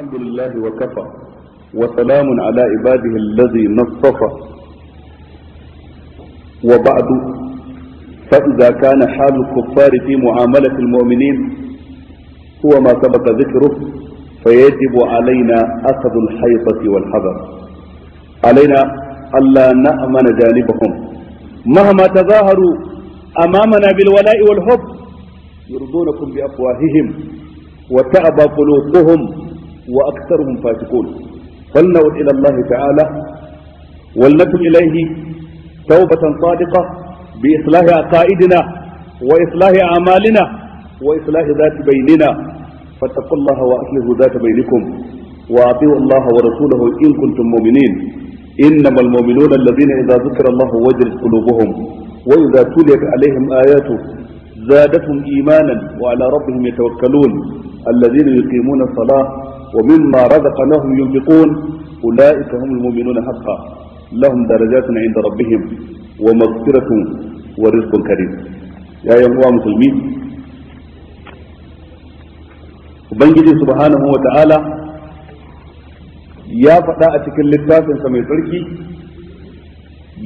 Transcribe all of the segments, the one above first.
الحمد لله وكفى وسلام على عباده الذي نصفى وبعد فإذا كان حال الكفار في معاملة المؤمنين هو ما سبق ذكره فيجب علينا أخذ الحيطة والحذر علينا ألا نأمن جانبهم مهما تظاهروا أمامنا بالولاء والحب يرضونكم بأفواههم وتعبى قلوبهم وأكثرهم فاسقون فلنعد إلى الله تعالى ولنكن إليه توبة صادقة بإصلاح عقائدنا وإصلاح أعمالنا وإصلاح ذات بيننا فاتقوا الله وأصلحوا ذات بينكم وأطيعوا الله ورسوله إن كنتم مؤمنين إنما المؤمنون الذين إذا ذكر الله وجلت قلوبهم وإذا تليت عليهم آياته زادتهم إيمانا وعلى ربهم يتوكلون الذين يقيمون الصلاة ومما رزقناهم ينفقون أولئك هم المؤمنون حقا لهم درجات عند ربهم ومغفرة ورزق كريم يا أيها المسلمين Ubangiji subhanahu wa ta'ala ya faɗa a cikin littafinsa mai tsarki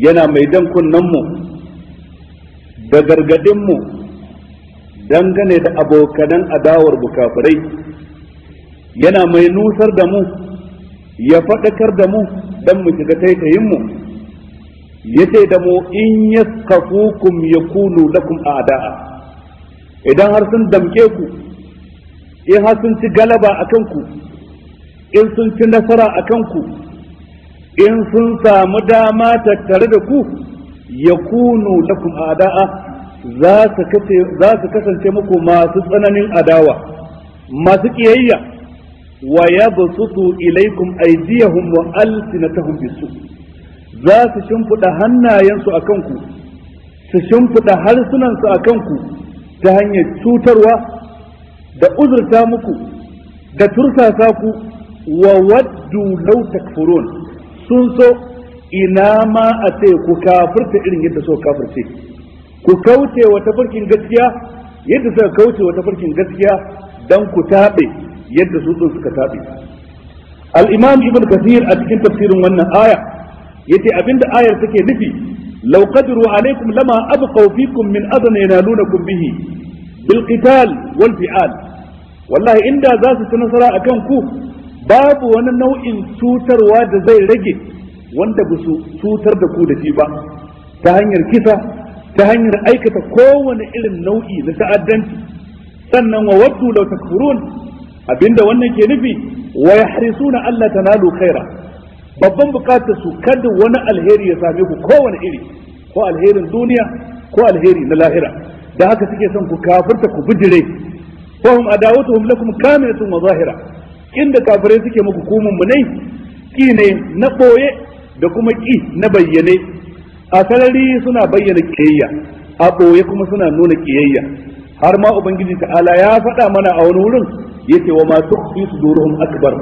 yana mai dan kunnenmu da gargadinmu dangane da abokanan adawar bukafurai yana mai nusar da mu ya faɗakar da mu dan mu shiga taitayin mu yace da mu in yaskafukum yakunu lakum a'da'a idan har sun damke ku in har sun ci galaba akan ku in sun ci nasara akan ku in sun samu dama tattare da ku yakunu lakum a'da'a za su kasance muku masu tsananin adawa masu ƙiyayya. wa yabsutu ilaikum aydiyahum wa alsinatahum bisu za su shimfida hannayensu akan ku su shimfida harsunansu a kanku ta hanyar cutarwa da uzurta muku da tursasa ku wa waddu law takfurun sun so ina ma a ce ku kafirta irin yadda so kafirce ku kauce wa tafarkin gaskiya yadda suka kauce wa tafarkin gaskiya dan ku taɓe yadda su din suka tabe al-imam ibn kathir a cikin tafsirin wannan aya yace abinda ayar take nufi law qadru alaikum lama abqaw fikum min adna yanalunakum bihi bil qital wal fi'al wallahi inda za su ci nasara akan ku babu wani nau'in cutarwa da zai rage wanda ba su cutar da ku da shi ba ta hanyar kisa ta hanyar aikata kowane irin nau'i na ta'addanci sannan wa waddu law takfurun abinda wannan ke nufi wa yahrisuna alla tanalu khaira babban bukatar su kada wani alheri ya same ku kowane iri ko alherin duniya ko alheri na lahira da haka suke son ku kafirta ku bijire fa hum adawatuhum lakum kamilatun wa zahira inda kafirai suke muku kumun munai, ki ne na boye da kuma ki na bayyane a sarari suna bayyana kiyayya a boye kuma suna nuna kiyayya har ma ubangiji ta'ala ya faɗa mana a wani wurin yace wa ma su suduruhum akbar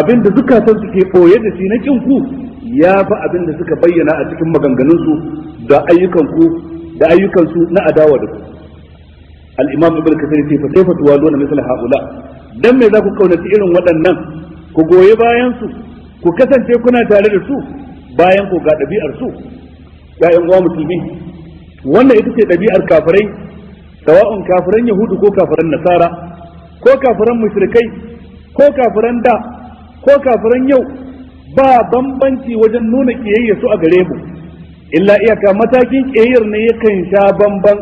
abinda zukatan su ke boye da shi na kin ku ya fa abinda suka bayyana a cikin maganganun su da ayyukan ku da ayyukan su na adawa da ku al-imam ibnu kathir ce fa kaifa tuwaluna misla haula dan me za ku kaunaci irin waɗannan ku goyi bayan su ku kasance kuna tare da su bayan ku ga ɗabi'ar su ya'yan uwa musulmi wannan ita ce ɗabi'ar kafirai sawa'un kafiran yahudu ko kafiran nasara ko kafiran mushrikai ko kafiran da ko kafiran yau ba bambanci wajen nuna kiyayya su a gare mu illa iyaka matakin kiyayyar ne yakan sha bamban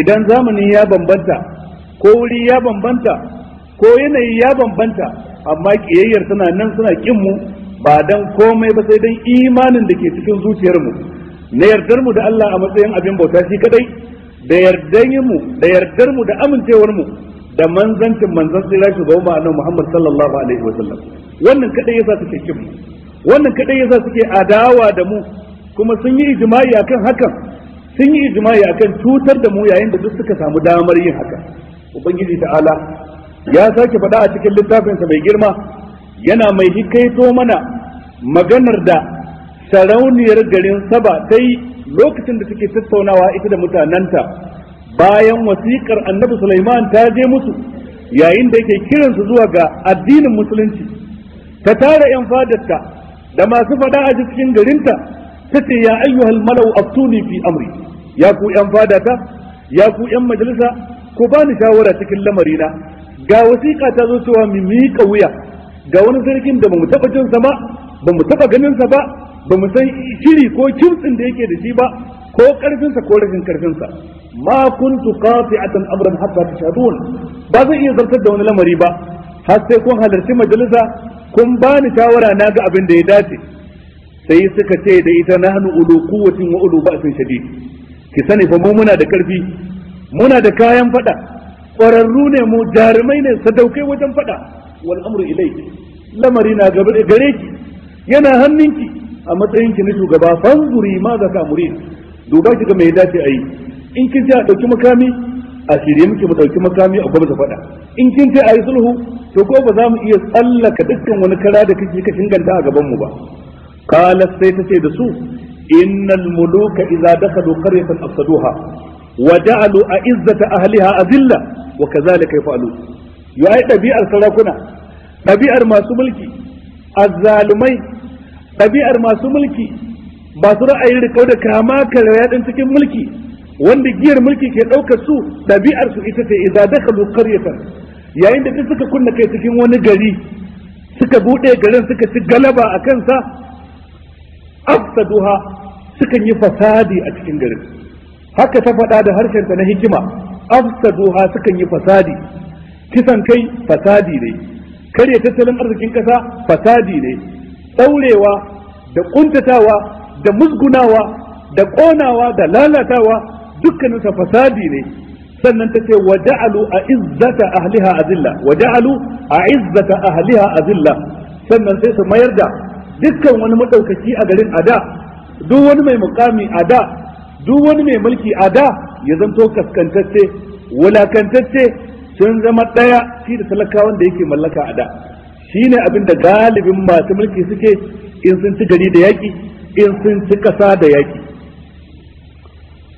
idan zamani ya bambanta ko wuri ya bambanta ko yanayi ya bambanta amma kiyayyar tana nan suna kin mu ba dan komai ba sai dan imanin da ke cikin zuciyar mu na yardar mu da Allah a matsayin abin bauta shi kadai da yardan mu da yardar mu da amincewar mu da manzancin manzan tsira shugaban ma'ana Muhammad sallallahu alaihi wasallam wannan kadai yasa suke kin wannan kadai yasa suke adawa da mu kuma sun yi ijma'i akan hakan sun yi ijma'i akan cutar da mu yayin da duk suka samu damar yin haka ubangiji ta'ala ya sake faɗa a cikin littafin sa mai girma yana mai hikaito mana maganar da sarauniyar garin saba ta yi lokacin da take tattaunawa ita da mutanenta bayan wasiƙar annabi Sulaiman ta je musu yayin da yake su zuwa ga addinin musulunci ta tara yan fadarta da masu fada a cikin garinta ta ce ya ayyuhal malau aftuni fi amri ya ku yan fadata ya ku yan majalisa ku bani shawara cikin lamarina ga wasiƙa ta zo cewa mu miƙa wuya ga wani sarkin da bamu taɓa jin sa ba bamu taɓa ganinsa sa ba bamu san shiri ko kimtsin da yake da shi ba ko ƙarfinsa ko rashin ƙarfinsa ma kuntu qati'atan amran hatta tashhadun ba zai iya zartar da wani lamari ba har sai kun halarci majalisa kun bani shawara na ga abin da ya dace sai suka ce da ita nahnu ulu quwwatin wa ulu ba'sin shadid ki sani fa mu muna da karfi muna da kayan faɗa. ƙwararru ne mu jarumai ne sadaukai wajen faɗa. wal amru lamari na gare ki yana hannun ki, a matsayin ki na shugaba fanzuri ma zaka murid duba ki ga me ya dace a yi in kin a ɗauki makami a shirye muke mu ɗauki makami a gwamnati faɗa in kin ce a yi sulhu to ko ba za mu iya tsallaka dukkan wani kara da kake ka shinganta a gaban mu ba qalat sai ta ce da su innal muluka idza dakhalu qaryatan afsaduha wa ja'alu a'izzata ahliha azilla wa kadhalika yaf'alu yayi ɗabi'ar sarakuna ɗabi'ar masu mulki azzalumai ɗabi'ar masu mulki ba su ra'ayin rikau da kama karaya cikin mulki wanda giyar mulki ke ɗaukar su ɗabi'ar su ita ce da kalu qaryatan yayin da duk suka kunna kai cikin wani gari suka buɗe garin suka ci galaba a kansa afsaduha sukan yi fasadi a cikin garin haka ta faɗa da harshen ta na hikima afsaduha sukan yi fasadi kisan kai fasadi ne karya tattalin arzikin ƙasa fasadi ne ɗaurewa da ƙuntatawa da musgunawa da ƙonawa da lalatawa dukkanin sa fasadi ne sannan ta ce wa ja'alu a izzata ahliha azilla wa a izzata ahliha azilla sannan sai su mayar da dukkan wani madaukaki a garin ada duk wani mai mukami a da duk wani mai mulki a da ya zanto kaskantacce wulakantacce sun zama ɗaya shi da talakawan da yake mallaka a da shi abin da galibin masu mulki suke in sun ci gari da yaki in sun ci ƙasa da yaƙi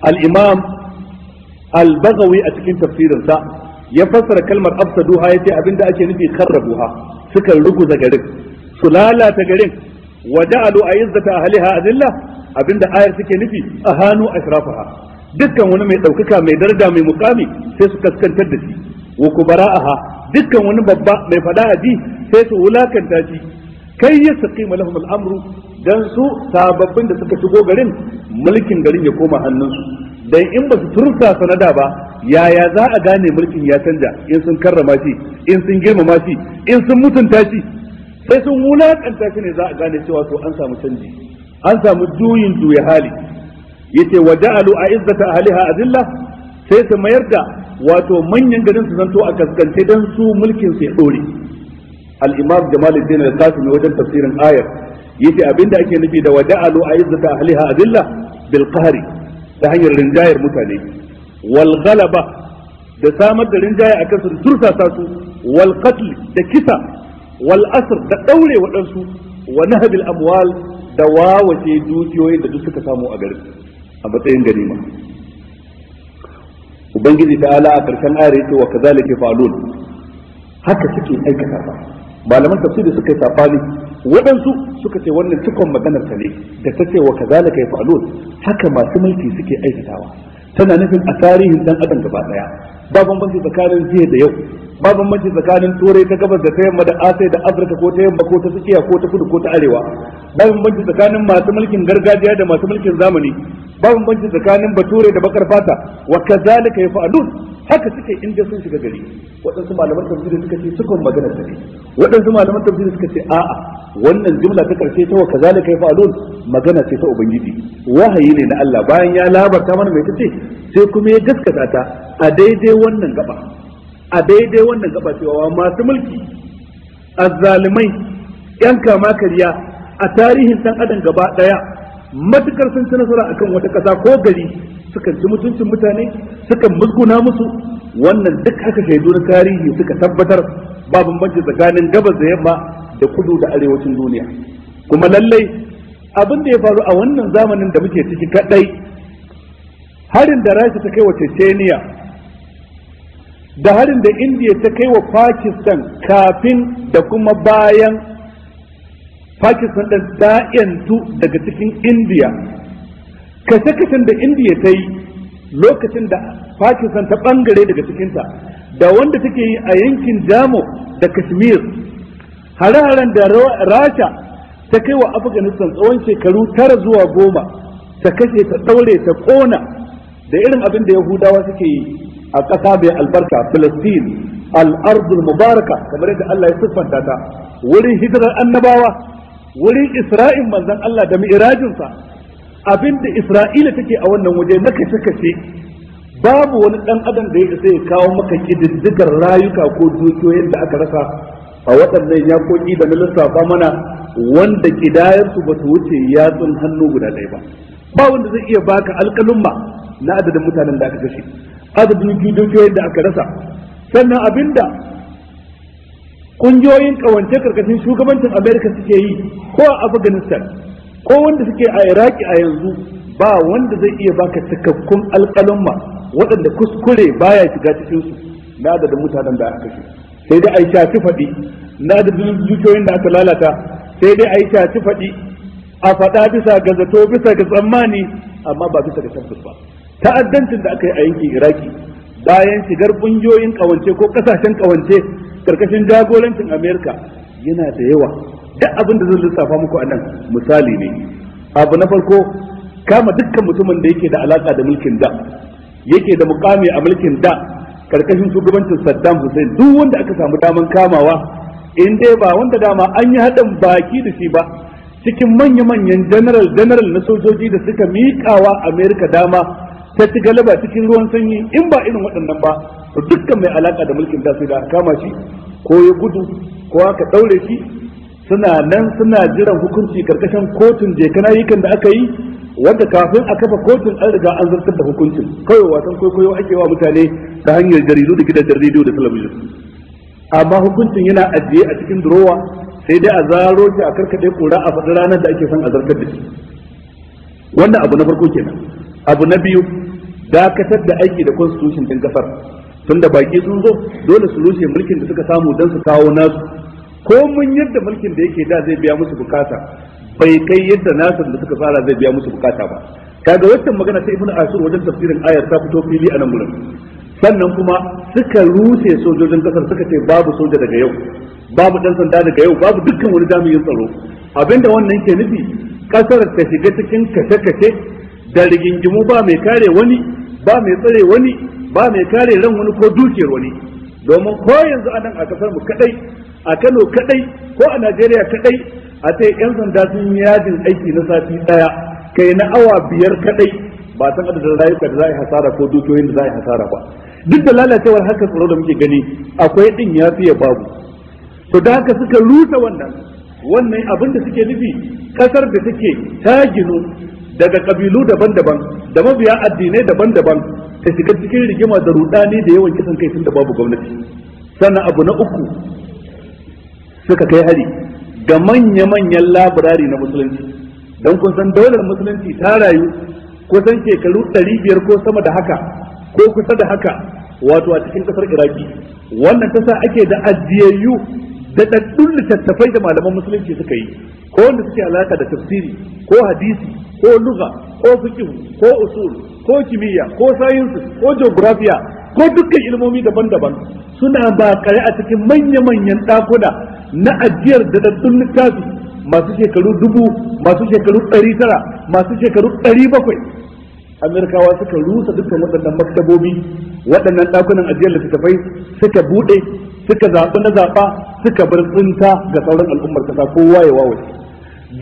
al-imam al a cikin tafsirinsa ya fassara kalmar ya afsaduha yace abinda ake nufi kharrabuha sukan ruguza garin su lalata garin wa ja'alu a'izzata ahliha adilla abinda ayar take nufi a hannu ahanu ashrafaha dukkan wani mai ɗaukaka, mai daraja mai mukami sai su kaskantar da shi wa kubara'aha dukkan wani babba mai faɗa a ji sai su wulakanta shi kai ya saqima lahum al-amru dan su sababbin da suka shigo garin mulkin garin ya koma hannunsu dan in ba su turta sanada ba yaya za a gane mulkin ya canja in sun karrama shi in sun girmama shi in sun mutunta shi sai sun wulakanta shi ne za a gane cewa to an samu canji an samu juyin juya hali yace wa ja'alu a'izzata ahliha azilla sai su mayar da wato manyan garin su zanto a kaskance dan su mulkin su ya dore al-imam jamaluddin al-qasimi wajen tafsirin ayar yace abinda ake nufi da wada'alu a'izzata ahliha adilla bil qahri ta hanyar rinjayar mutane wal ghalaba da samar da rinjaye akan su tursasa su wal qatl da kisa wal asr da daure waɗansu wa nahbil amwal da wawace dukiyoyin da duk suka samu a garin a matsayin ganima ubangiji ta ala a karshen ayar yake wa kazalika fa'alun haka suke aikata ba malaman tafsiri suka yi sabani waɗansu suka ce wannan cikon maganar ta ne da ta ce wa kazalika yafalun haka masu mulki suke aikatawa tana nufin a tarihin dan adam gaba daya ba bambanci tsakanin jiya da yau ba bambanci tsakanin turai ta gabas da ta yamma da asai da afirka ko ta yamma ko ta tsakiya ko ta kudu ko ta arewa ba bambanci tsakanin masu mulkin gargajiya da masu mulkin zamani ba bambanci tsakanin bature da bakar fata wa kazalika yafa'alun haka suke inda sun shiga gari waɗansu malaman tafsiri suka ce sukan magana ta ne waɗansu malaman tafsiri suka ce a'a wannan jumla ta karshe ta wa kazalika yafa'alun magana ce ta ubangiji wahayi ne na Allah bayan ya labarta mana mai tace sai kuma ya gaskata ta a daidai wannan gaba a daidai wannan gaba cewa masu mulki azzalimai yan kama karya a tarihin dan adam gaba daya matukar sun ci nasara akan wata ƙasa ko gari suka ci mutuncin mutane suka musguna musu wannan duk haka shaidu na tarihi suka tabbatar ba bambanci tsakanin gabas da yamma da kudu da arewacin duniya kuma lallai abin da ya faru a wannan zamanin da muke ciki kadai harin da rasha ta kai wa chechenia da harin da indiya ta kai wa pakistan kafin da kuma bayan pakistan ɗin ta'yantu daga cikin India, kashe-kashen da India ta yi lokacin da pakistan ta ɓangare daga cikinta da wanda take yi a yankin jamo da kashmir hare-haren da rasha ta kai wa afghanistan tsawon shekaru tara zuwa goma ta kashe ta ɗaure ta ƙona da irin abin da yahudawa suke yi a ƙasa mai albarka Filastin, al'ardul mubaraka kamar yadda allah ya siffanta ta wurin hijirar annabawa wurin isra'in manzon Allah da mi'rajinsa abinda isra'ila take a wannan waje na kashe-kashe babu wani dan adam da ya sai kawo maka kididdigar rayuka ko dukiyoyin da aka rasa a waɗannan yakoki da na lissafa mana wanda kidayarsu ba su wuce yatsun hannu guda ɗaya ba ba wanda zai iya baka alƙalumma na adadin mutanen da aka kashe adadin dukiyoyin da aka rasa sannan abinda kungiyoyin kawance karkashin shugabancin Amerika suke yi ko a Afghanistan ko wanda suke a Iraki a yanzu ba wanda zai iya baka cikakkun alƙalumma waɗanda kuskure baya shiga cikin su na adadin mutanen da aka kashe sai dai a yi shafi faɗi na adadin dukiyoyin da aka lalata sai dai a yi shafi faɗi a faɗa bisa ga zato bisa ga tsammani amma ba bisa ga tabbas ba ta'addancin da aka yi a yankin Iraki bayan shigar kungiyoyin kawance ko kasashen kawance karkashin jagorancin amerika yana da yawa duk abin da zan lissafa muku a nan, misali ne abu na farko kama dukkan mutumin da yake da alaka da mulkin da yake da mukami a mulkin da karkashin shugabancin saddam hussein duk wanda aka samu daman kamawa in dai ba wanda dama an yi haɗin baki da shi ba cikin manya-manyan general general na sojoji da suka miƙawa amerika dama ta ci galaba cikin ruwan sanyi in ba irin waɗannan ba to dukkan mai alaka da mulkin da sai da kama shi ko ya gudu ko aka daure shi suna nan suna jiran hukunci karkashin kotun je kana yikan da aka yi wanda kafin a kafa kotun an riga an zartar da hukuncin kawai wasan kwaikwayo ake wa mutane ta hanyar jaridu da gidajen rediyo da talabijin amma hukuncin yana ajiye a cikin durowa sai dai a zaro shi a karkade kura a faɗi ranar da ake son a zartar da shi wannan abu na farko kenan abu na biyu dakatar da aiki da constitution din kasar tunda baki sun zo dole su rushe mulkin da suka samu dan su kawo nasu ko mun yadda mulkin da yake da zai biya musu bukata bai kai yadda nasu da suka fara zai biya musu bukata ba kaga wannan magana ta ibnu asir wajen tafsirin ayar ta fito fili a nan gurin sannan kuma suka rushe sojojin kasar suka ce babu soja daga yau babu dan sanda daga yau babu dukkan wani jami'in tsaro abinda wannan ke nufi kasar ta shiga cikin kace-kace da rigingimu ba mai kare wani ba mai tsare wani ba mai kare ran wani ko dukiyar wani domin ko yanzu a nan a kasar mu kadai a Kano kadai ko a Najeriya kadai a ce yan sanda sun yi yajin aiki na sati daya kai na awa biyar kadai ba san adadin rayuka da za a yi hasara ko dukiyoyin da za a yi hasara ba duk da lalacewar harkar tsaro da muke gani akwai din ya fiye babu to da haka suka rusa wannan wannan abin da suke nufi kasar da take ta ginu daga kabilu daban-daban da mabiya addinai daban-daban ta shiga cikin rigima da rudani da yawan kisan kai tunda babu gwamnati sannan abu na uku suka kai hari ga manya-manyan laburari na musulunci don kun san daular musulunci ta rayu kusan shekaru biyar ko sama da haka ko kusa da haka wato a cikin kasar iraki wannan ta sa ake da ajiyayyu da ɗaɗɗun littattafai da malaman musulunci suka yi ko wanda suke alaka da tafsiri ko hadisi ko lugha ko fiqh ko usul ko kimiyya ko sayinsu ko geografiya ko dukkan ilmomi daban-daban suna ba kare a cikin manya-manyan ɗakuna na ajiyar da daddun littafi masu shekaru dubu masu shekaru ɗari tara masu shekaru ɗari bakwai amerikawa suka rusa dukkan waɗannan maktabobi waɗannan ɗakunan ajiyar littattafai suka buɗe suka zaɓi na zaɓa suka bar tsinta ga sauran al'ummar kasa kowa ya wawace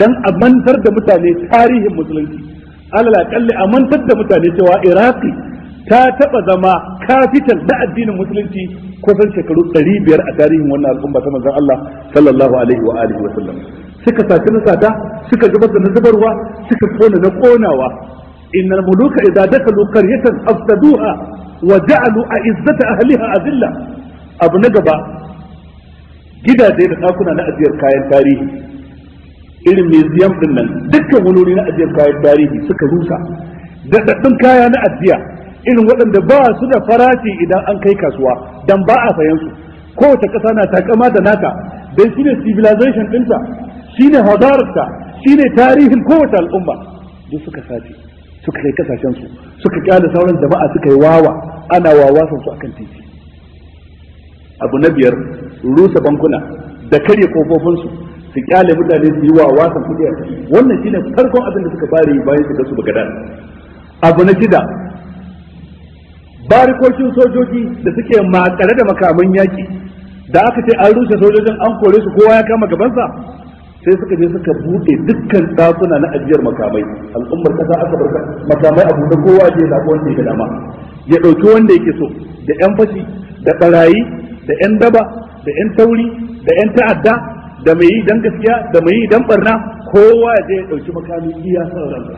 don a mantar da mutane tarihin musulunci alal akalli a mantar da mutane cewa iraki ta taba zama kafitan na addinin musulunci kusan shekaru 500 a tarihin wannan al'umma ta manzon Allah sallallahu alaihi wa alihi wa sallam suka saci na sata suka zubar da na zubarwa suka kona na konawa innal muluka idza dakalu qaryatan afsaduha wa ja'alu a'izzata ahliha adilla abu na gaba gidaje da dakuna na ajiyar kayan tarihi irin museum din nan dukkan wani na ajiyar kayan tarihi suka rusa daɗaɗɗun kaya na ajiya irin waɗanda ba su da farashi idan an kai kasuwa dan ba a sayan su kowace ƙasa na takama da nata dan shine civilization ɗinta shine hadararta shine tarihin kowace al'umma duk suka sace suka kai kasashen su suka kyale sauran jama'a suka yi wawa ana wawasan su akan titi abu na biyar rusa bankuna da karya kofofin su su kyale mutane su yi wa wasa kudi wannan shine farkon abin da suka fara yi bayan shiga su bagadan abu na shida barikokin sojoji da suke makare da makaman yaki da aka ce an rushe sojojin an kore su kowa ya kama gabansa sai suka je suka bude dukkan dakuna na ajiyar makamai al'ummar kasa aka bar makamai abu da kowa je da wanda yake dama ya ɗauki wanda yake so da yan fashi da ɓarayi, da yan daba da yan tauri da yan ta'adda da mai yi dan gaskiya da mai yi dan barna kowa zai je ya dauki makami iya san ranka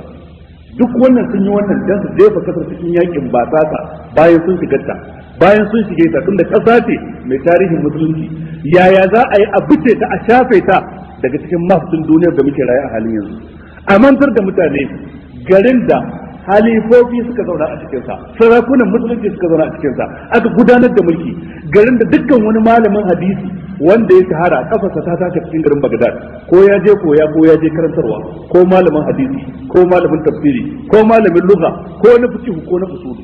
duk wannan sun yi wannan dan su jefa kasar cikin yakin ba tsaka bayan sun shiga ta bayan sun shige ta tunda kasa ce mai tarihin musulunci yaya za a yi a bice ta a shafe ta daga cikin mafitin duniyar da muke rayu a halin yanzu a mantar da mutane garin da halifofi suka zauna a cikinsa sarakunan musulunci suka zauna a cikinsa aka gudanar da mulki garin da dukkan wani malamin hadisi wanda ya tahara kafarsa ta taka cikin garin Bagdad ko ya je koya ko ya je karantarwa ko malamin hadisi ko malamin tafsiri ko malamin lugha ko na fiqh ko na usul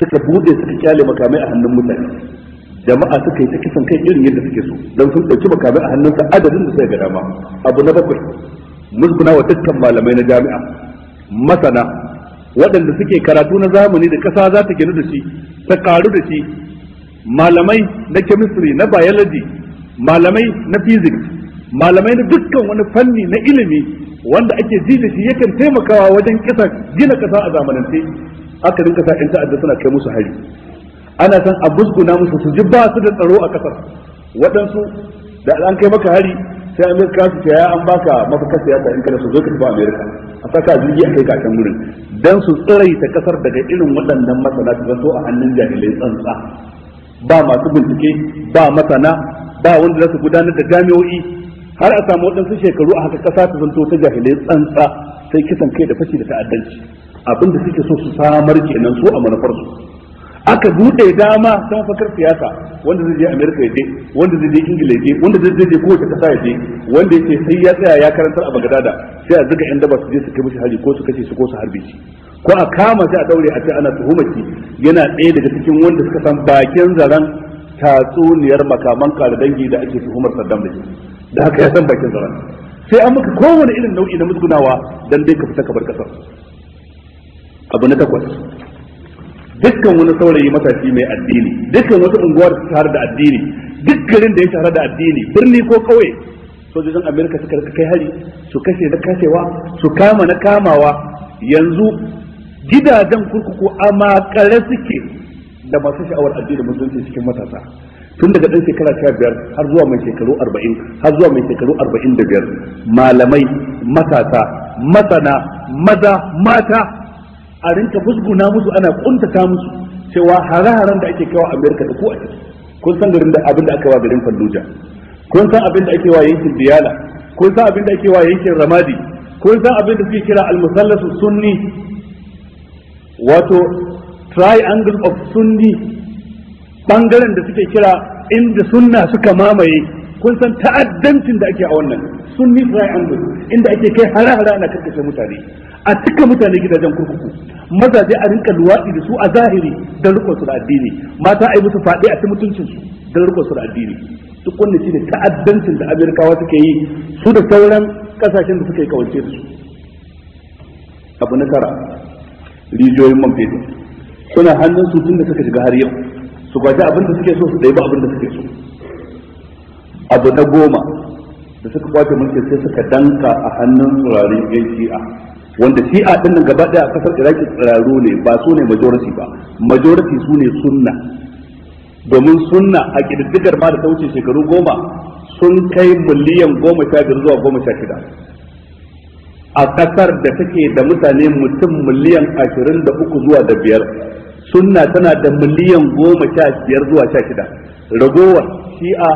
suka bude suka kyale makamai a hannun mutane jama'a suka yi ta kisan kai irin yadda suke so don sun ɗauki makamai a hannunsa adadin da suka ga dama abu na bakwai musguna wa dukkan malamai na jami'a masana waɗanda suke karatu na zamani da ƙasa za ta gina da shi ta karu da shi malamai na chemistry na biology malamai na physics malamai na dukkan wani fanni na ilimi wanda ake ji da shi yakan taimakawa wajen kisa gina kasa a zamanance aka rinka sa yan ta'adda suna kai musu hari ana san a busguna musu su ji ba su da tsaro a kasar waɗansu da an kai maka hari sai amerika su ya an baka mafakar siyasa in kada su zo ka tafi amerika a saka jirgi a kai ka can wurin dan su tsiraita kasar daga irin waɗannan masana su zanto a hannun jahilai tsantsa ba masu bincike ba masana ba wanda za gudanar da jami'o'i har a samu waɗansu shekaru a haka ƙasa ta zanto ta jahilai tsantsa sai kisan kai da fashi da ta'addanci Abinda suke so su samar kenan su a manufarsu aka buɗe dama ta mafakar siyasa wanda zai je america ya je wanda zai je ingila ya je wanda zai je kowace ƙasa ya je wanda yake sai ya tsaya ya karantar a bagadada sai a zuga yan daba su je su kai mishi hari ko su kashe su ko su harbe shi ko a kama shi a daure a ce ana tuhumaki yana ɗaya daga cikin wanda suka san bakin zaren tatsuniyar makaman kare dangi da ake tuhumar Saddam da shi da haka ya san bakin zaren sai an maka kowane irin nau'i na musgunawa dan dai ka fita ka bar kasar abu na takwas dukkan wani saurayi matashi mai addini dukkan wata unguwar ta tare da addini duk garin da ya tare da addini birni ko kauye sojojin amerika suka kai hari su kashe na kashewa su kama na kamawa yanzu gidajen kurkuku a makare suke da masu sha'awar addinin musulunci cikin matasa tun daga ɗan shekara sha biyar har zuwa mai shekaru arba'in har zuwa mai shekaru arba'in da biyar malamai matasa masana maza mata a rinka fusguna musu ana kuntata musu cewa hare-haren da ake kawo amerika da ko a ciki kun san garin da abin da aka wa garin fallujah kun san abin da ake wa yankin diyala kun san abin da ake wa yankin ramadi kun san abin da suke kira al-musallasu sunni wato triangle of sunni bangaren da suke kira inda sunna suka mamaye kun san ta'addancin da ake a wannan sunni triangle inda ake kai hara-hara ana karkashe mutane a cika mutane gidajen kurkuku mazaje a rinka luwaɗi da su a zahiri don rikon su da addini mata a yi musu faɗi a ci mutuncin su don rikon su da addini duk wannan ne ta'addancin da amerikawa suke yi su da sauran ƙasashen da suka kawance da su abu na kara rijiyoyin man fetur suna hannun su tun da suka shiga har yau su kwaci abin da suke so su ɗaya abin da suke so abu na goma da suka kwace mulkin sai suka danka a hannun tsirarin yan shi'a wanda shi'a din nan gaba ɗaya a kasar iraki tsiraru ne ba su ne majority ba majority su ne sunna domin sunna a ƙididdigar ma da ta wuce shekaru goma sun kai miliyan goma sha biyar zuwa goma sha shida a kasar da take da mutane mutum miliyan ashirin da uku zuwa da biyar sunna tana da miliyan goma sha biyar zuwa sha shida ragowar shi'a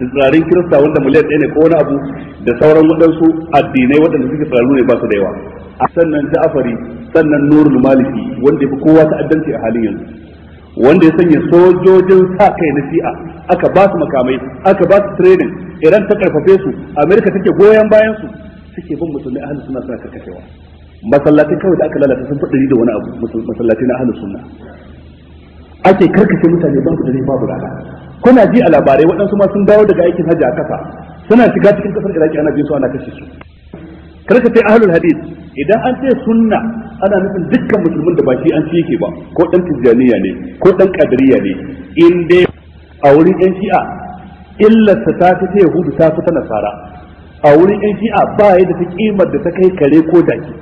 da tsirarin kirista wanda miliyan ɗaya ne ko wani abu da sauran waɗansu addinai waɗanda suke tsararru ne ba su da yawa a sannan ja'afari sannan nurul maliki wanda ya fi kowa ta'addanci a halin yanzu wanda ya sanya sojojin sa kai na shi'a aka ba su makamai aka ba su training iran ta karfafe su amerika take goyon bayan su suke bin musulmi ahli sunna suna karkashewa masallatai kawai da aka lalata sun fadari da wani abu masallatai na ahli sunna ake karkashe mutane babu dare babu rana kuna ji a labarai waɗansu ma sun dawo daga aikin hajji a kasa suna shiga cikin kasar iraki ana bin su ana kashe su karkace ahlul hadith idan an ce sunna ana nufin dukkan musulmin da ba shi an ci yake ba ko dan tijjaniya ne ko dan kadiriya ne in dai a wurin yan shi'a illarsa ta fi ta yahudu ta fi ta nasara a wurin yan shi'a ba ya da ta kimar da ta kai kare ko daki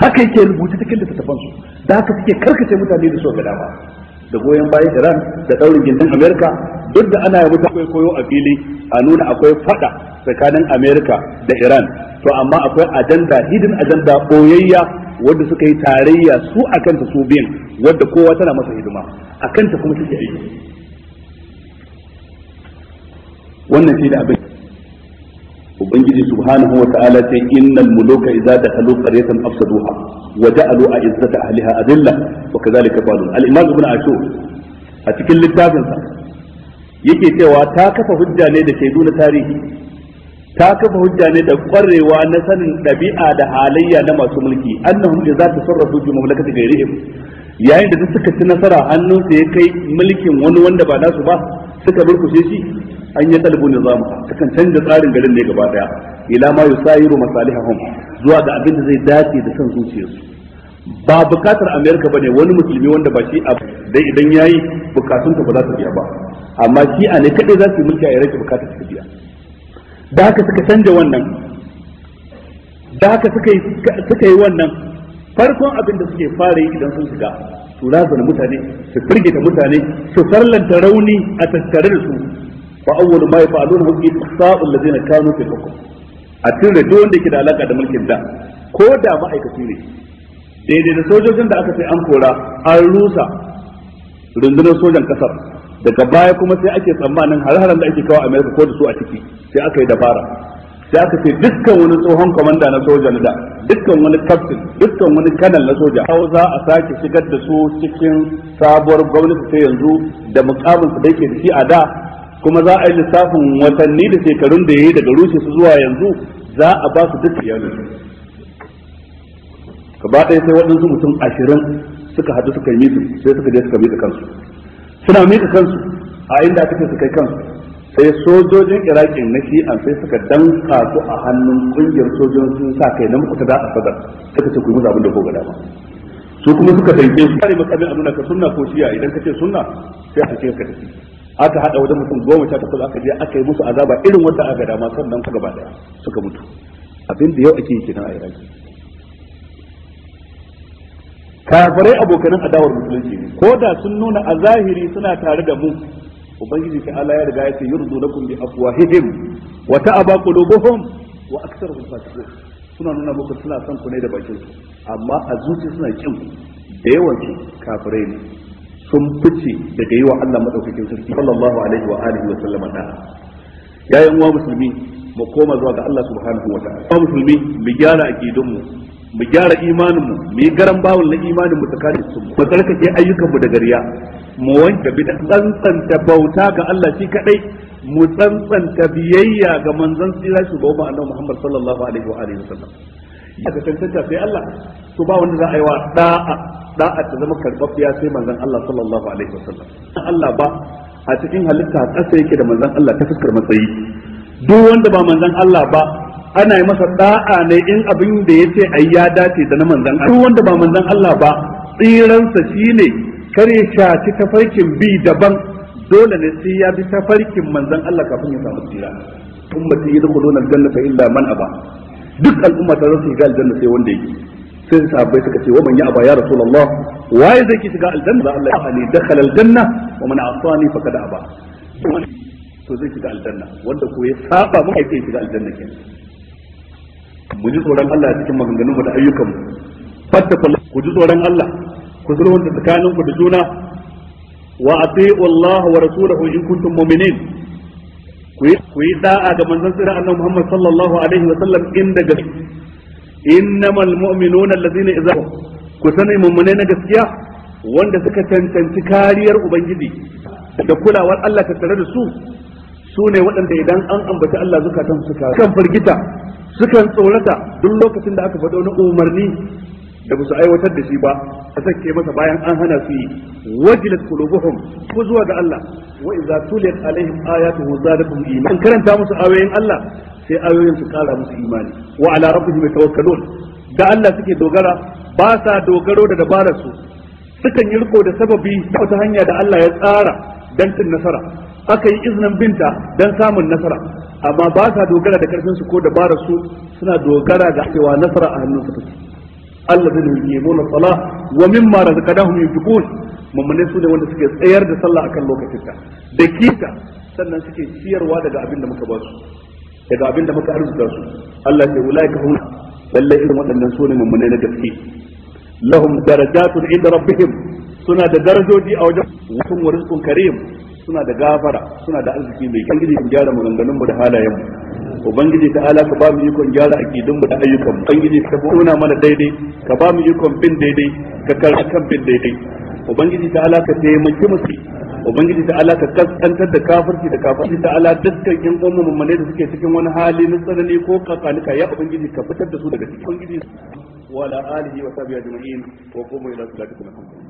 haka yake rubuta cikin littattafan su da haka suke karkace mutane da so ga dama da goyon bayan Iran da daurin gindin Amerika duk da ana yi mutane koyo a fili a nuna akwai fada tsakanin Amerika da Iran to amma akwai ajanda hidden ajanda boyayya wanda suka yi tarayya su akan su biyan wadda kowa tana masa hidima akan kuma suke aiki wannan shi da abin ubangiji subhanahu wa ta'ala sai innal muluka idza dakhalu qaryatan afsaduha wa ja'alu a'izzata ahliha adilla wa kadhalika qalu al imam ibn ashur a cikin littafin sa yake cewa ta kafa hujja ne da shaidu na tarihi ta kafa hujja ne da kwarewa na sanin dabi'a da halayya na masu mulki annahum idza tasarrafu fi mamlakati ghayrihim yayin da duk suka ci nasara hannunsu ya kai mulkin wani wanda ba nasu ba suka burkushe shi an yi talibun nizam sukan canza tsarin garin ne gaba daya ila ma yusayiru masalihahum zuwa ga abin da zai dace da san zuciyarsu ba bukatar amerika bane wani musulmi wanda ba shi a dai idan yayi bukatun ta ba za su biya ba amma shi a ne kadai za su yi mulki a yarake bukatar su biya da haka suka canja wannan da haka suka yi suka yi wannan farkon abin da suke fara yi idan sun shiga su razana mutane su firgita mutane su farlanta rauni a tattare da su fa awwalu ma yaf'aluna hum da allazina kanu fil hukm a tunda duk wanda ke da alaka da mulkin da ko da ma'aikaci ne daidai da sojojin da aka sai an kora an rusa rundunar sojan kasar daga baya kuma sai ake tsammanin har-haren da ake kawo america ko da su a ciki sai aka yi dabara sai aka ce dukkan wani tsohon kwamanda na soja da dukkan wani kaftin dukkan wani kanal na soja hau za a sake shigar da su cikin sabuwar gwamnati ta yanzu da mukamin su da yake da shi a da kuma za a yi lissafin watanni da shekarun da ya yi daga rushe su zuwa yanzu za a ba su duk iyalin gaba ɗaya sai waɗansu mutum ashirin suka haɗu suka yi mitin sai suka je suka miƙa kansu suna miƙa kansu a inda suke suka su kai kansu sai sojojin iraki na an sai suka danka su a hannun ƙungiyar sojojin sun sa kai na mukuta da a sadar suka ce ku yi musu abin da ko gada ba su kuma suka danke su kare makamin a nuna ka sunna ko shi'a idan ka ce sunna sai a ce ka tafi aka hada wajen mutum goma sha takwas aka je aka yi musu azaba irin wanda gada masu nan ka gaba daya suka mutu abin da yau ake yi kenan a iraki kafirai abokanan adawar musulunci ko da sun nuna a zahiri suna tare da mu ubangiji ta Allah ya riga ya ce yurdu lakum bi afwahihim wa ta'aba qulubuhum wa aktsaruhum fasiqun suna nuna muku suna son ku ne da bakin amma a zuci suna kin da yawan kafirai ne sun fice daga yi wa Allah madaukakin sarki sallallahu alaihi wa alihi wa sallama da yayin uwa musulmi mu koma zuwa ga Allah subhanahu wa ta'ala uwa musulmi mu gyara aqidun mu gyara imaninmu, mu yi garan bawul na imanin mu tsakanin su mu tsarkake ayyukan mu daga riya mu wanke bid'a tsantsanta bauta ga Allah shi kadai mu tsantsanta biyayya ga manzon tsira shi goma annabi Muhammad sallallahu alaihi wa alihi wa sallam a ga tantanta sai Allah to ba wanda za a yi wa da'a da'a ta zama karbabbiya sai manzon Allah sallallahu alaihi wasallam Allah ba a cikin halitta ƙasa yake da manzon Allah ta fuskar matsayi duk wanda ba manzon Allah ba ana yi masa da'a ne in abin da yace ai ya dace da na manzon Allah duk wanda ba manzon Allah ba tsiransa shine kare shaci tafarkin bi daban dole ne sai ya bi tafarkin manzon Allah kafin ya samu tsira ummati yadkhuluna al-jannata illa man aba duk al'umma ta zasu shiga aljanna sai wanda yake sai sahabbai suka ce wa man ya'ba ya rasulullah waye zai ki shiga aljanna da Allah ya hali dakhala aljanna wa man asani faqad aba to zai shiga aljanna wanda ko ya saba mu kai shiga aljanna kenan mu ji tsoron Allah cikin maganganun mu da ayyukan mu fatta ku ji tsoron Allah ku zulhunta tsakanin ku da juna wa ati'u Allah wa rasulahu in kuntum mu'minin ku yi da'a ga manzon sirri annabi Muhammad sallallahu alaihi wa sallam inda gaske innamal mu'minuna allazina idza ku sani mummune na gaskiya wanda suka cancanci kariyar ubangiji da kulawar Allah ta tare da su su ne waɗanda idan an ambaci Allah zukatan suka kan firgita sukan tsorata duk lokacin da aka faɗo na umarni da ba su aiwatar da shi ba a sake masa bayan an hana su yi wajilat qulubuhum ko zuwa ga Allah wa idza tuliyat alaihim ayatuhu zadatuhum iman karanta musu ayoyin Allah sai ayoyin su kara musu imani wa ala rabbihim yatawakkalun da Allah suke dogara ba sa dogaro da dabarar su sukan yi riko da sababi ta hanya da Allah ya tsara dan cin nasara aka yi iznin binta dan samun nasara amma ba sa dogara da karfin su ko dabarar su suna dogara ga cewa nasara a hannun su take alladhina yuqimuna as-salah wa mimma razaqnahum yunfiqun mummune su ne wanda suke tsayar da sallah akan lokacin ta da kita sannan suke ciyarwa daga abin da muka ba su daga abin da muka arzuta su Allah ya ulaika hum lalle irin waɗannan su ne mummune na gaske lahum darajatun inda rabbihim suna da darajoji a wajen wasun wa rizqun karim suna da gafara suna da arziki mai kyau ubangiji ka gyara maganganun mu da halayen mu ubangiji ta ala ka ba mu ikon gyara akidun mu da ayyukan mu ubangiji ka bona mana daidai ka ba mu ikon bin daidai ka karɓa kan bin daidai ubangiji ta ala ka taimaki musu ubangiji ta ala ka kaskantar da kafirci da kafirci ta ala dukkan yan uwan mummune da suke cikin wani hali na tsanani ko kakanika ya ubangiji ka fitar da su daga cikin ubangiji wala alihi wa sahbihi ajma'in wa qumu ila salatikum alhamdulillah